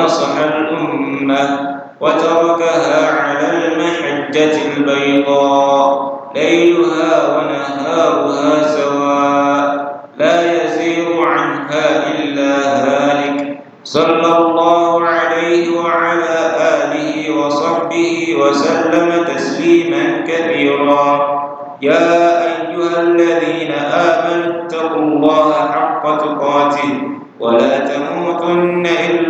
ونصح الأمة وتركها على المحجة البيضاء ليلها ونهارها سواء لا يزيغ عنها إلا هالك صلى الله عليه وعلى آله وصحبه وسلم تسليما كبيرا يا أيها الذين آمنوا اتقوا الله حق تقاته ولا تموتن إلا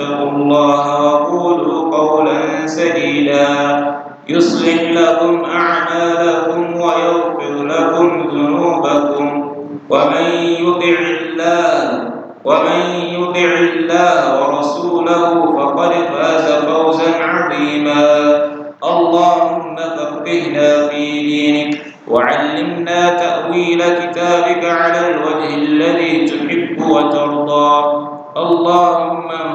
واتقوا الله وقولوا قولا سديدا يصلح لكم أعمالكم ويغفر لكم ذنوبكم ومن يطع الله ومن يطع الله ورسوله فقد فاز فوزا عظيما اللهم فقهنا في دينك وعلمنا تأويل كتابك على الوجه الذي تحب وترضى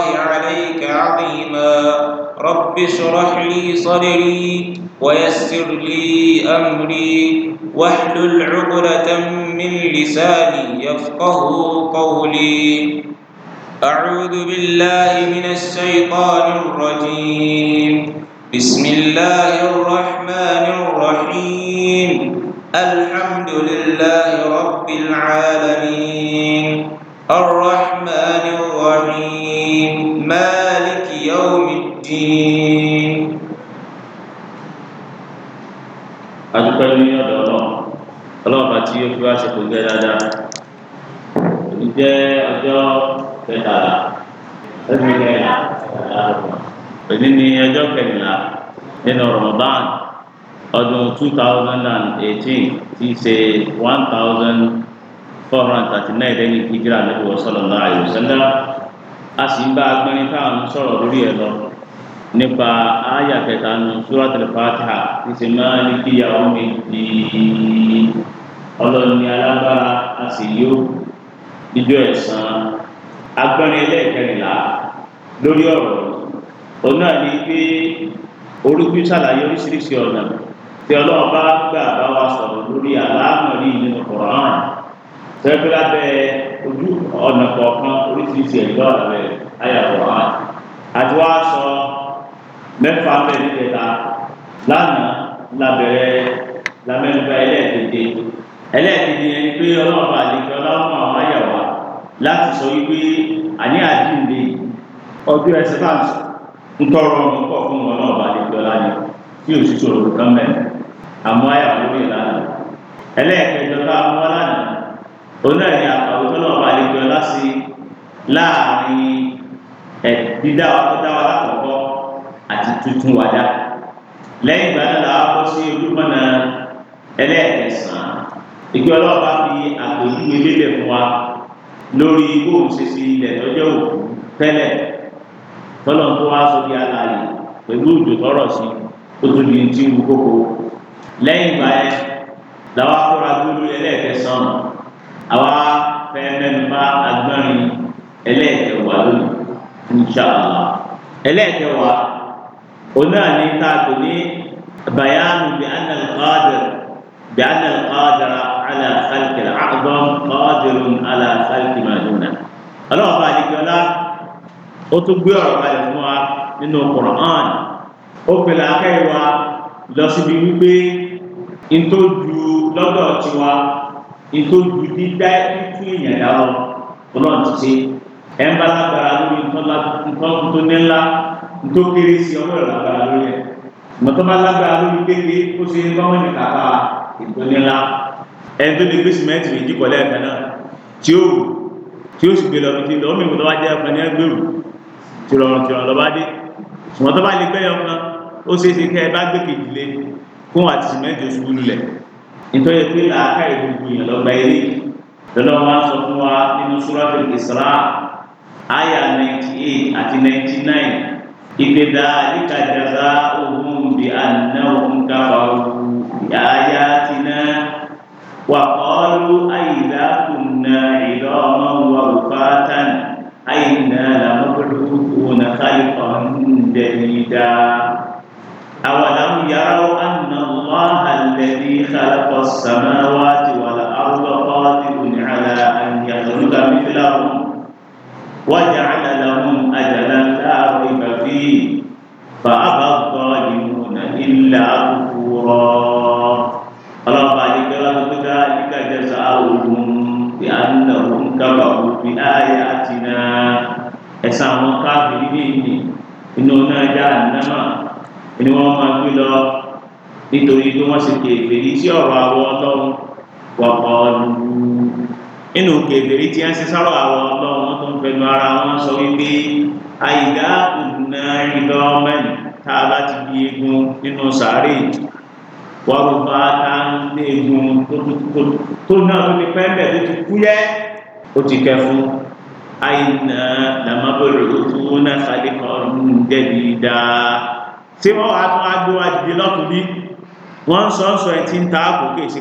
الله عليك عظيما رب اشرح لي صدري ويسر لي أمري واحلل عقلة من لساني يفقه قولي أعوذ بالله من الشيطان الرجيم بسم الله الرحمن الرحيم الحمد لله رب العالمين الرحمن الرحيم مالك يوم الدين adúpẹ́ ní ọ̀dọ̀ ọlọ́run ọlọ́run àti yóò fi wá ṣe kò gẹ́ dáadáa òní jẹ́ ọjọ́ kẹtàlá ẹ̀mí kẹrìnlá òní ni ọjọ́ kẹrìnlá nínú Ramadan ọdún two thousand and eighteen ti ṣe one thousand four hundred and thirty nine lẹ́yìn ìjírà lẹ́yìn wọ́n sallallahu alaihi wasallam a sì ń bá agbẹ́rin táwọn sọ̀rọ̀ lórí ẹ̀ lọ nípa àyà kẹta nu suratul Fatiha ti ṣe máa ní kí yàwó mi di ọlọ́ni alágbára a sì yó ijó ẹ̀sán agbẹ́rin ẹlẹ́ẹ̀kẹrìnlá lórí ọ̀rọ̀ òun náà ní pé orúkú ṣàlàyé oríṣiríṣi ọ̀nà tí ọlọ́ọ̀bá gbà bá wa sọ̀rọ̀ lórí àlámọ̀rí nínú Kùránì sẹ́kúlá lábẹ́ ojú ọ̀nà kọ̀ọ̀kan oríṣiríṣi ẹ̀gbọ́n àbẹ̀ ayàwòrán àti àti wá sọ mẹ́fà bẹ́ẹ̀ nígbẹ̀ta lánàá labẹ̀rẹ̀ lamẹ́nuba ẹlẹ́ẹ̀kejì ẹlẹ́ẹ̀kejì yẹn ni pé ọlọ́run àdìgbẹ́ ọlọ́run àwọn ayàwá láti sọ wípé àní àdìgbẹ́ ọjọ́ ẹsẹ̀ bá ń tọrọ ọmọ pọ̀ fún ọlọ́run àdìgbẹ́ ọlọ́run tí òṣìṣẹ́ òṣìṣẹ́ kan mẹ́rin àmọ́ ayàwó lè lánàá onáà ní àpàwọ̀ tó náà balẹ̀ jọ láti láàrin ẹ̀ dídá ọ̀dọ́dáwà lákọ̀ọ́kọ́ àti tuntun wàdá lẹ́yìn ìgbà náà làwọn kọ́ sí ojúmọ́nà ẹlẹ́ẹ̀kẹsàn-án ìgbé ọlọ́ọ̀bá fi àpèjúwe lélẹ̀ fún wa lórí bóun ṣe ṣe ilẹ̀ tọ́jọ́ òkú tẹ́lẹ̀ tọ́lọ̀ tó wá sórí alàyè pẹ̀lú òjò tọrọ̀ sí ó tó di ti wú kókó lẹ́yìn ìgbà yẹn làwọn akọ́ra gbólú ẹlẹ́ẹ̀kẹsàn-án àwa fẹ́ mẹ́nu bá agbẹ́rin ẹlẹ́ẹ̀kẹwàá lónìí inṣàlá ẹlẹ́ẹ̀kẹwàá onáà ní káàtó ní bayanu bi anna al-qadir bi anna al-qadir ala khalqi al-a'zam qadirun ala khalqi ma duna ọlọ́wọ́ ó tún gbé ọ̀rọ̀ kalẹ̀ fún wa nínú Qur'an ó pèlè akẹ́yìn wa lọ síbi wípé ntó ju lọ́dọ̀ tiwa nítorí dídá fún èèyàn dáwọ́ ọlọ́run ti ṣe ẹ̀ ń bá lágbára lórí nǹkan tó ní ńlá tó kéré sí ọwọ́ ẹ̀rọ lágbára lórí ẹ̀ mọ̀tọ́ bá lágbára lórí kékeré ó ṣe ń báwọn ní kàkà ètò ńlá ẹni tó lè gbé sìmẹ́ǹtì méjì kọ́ lẹ́ẹ̀kan náà tí ó tí ó sì gbé lọ fi lọ́wọ́ mìíràn tó bá jẹ́ ọkàn ní ẹgbẹ́rù tí rọrùn tí rọrùn lọ́ba dé nítorí pé làákà ìgbogbo yẹn lọ́gbà ilé lọ́lọ́wọ́ wa sọ fún wa nínú Suratul Isra àyà 98 àti 99 ìgbé dhalika jazaa'uhum bi annahum kafaru bi ayatina wa qalu a'idha kunna 'idhaman wa rufatan a inna lamab'uthuna khalqan jadida awalam yaraw الذي خلق السماوات والأرض قادر على أن يخلق مثلهم وجعل لهم أجلا لا ريب فيه فأبى الظالمون إلا كفورا رب ذلك ذلك جزاؤهم بأنهم كفروا بآياتنا ẹ̀sán إسامة كافرين náà já ànámà ni ini inu nítorí pé wọ́n ṣe kèfèrí sí ọ̀rọ̀ àwọn ọlọ́run wọ̀pọ̀ lùú nínú kèfèrí tí wọ́n ṣe sọ̀rọ̀ àwọn ọlọ́run wọ́n tó ń fẹnu ara wọn sọ wípé àyíká òdùnà ìlọ́mẹ́rin tá a bá ti di egun nínú sàárè wọ́rùbá tá a ń lé egun tó náà tó ti pẹ́ńbẹ̀ tó ti kú yẹ́ ó ti kẹ́ fún àyìnà làmábòrò tó náà sálẹ̀ kan ń jẹ̀bi dáa tí wọ́n wá tún á gbé wá dìde lọ́tún bíi wọ́n sọ ẹ̀ tí ń ta àpò kèsì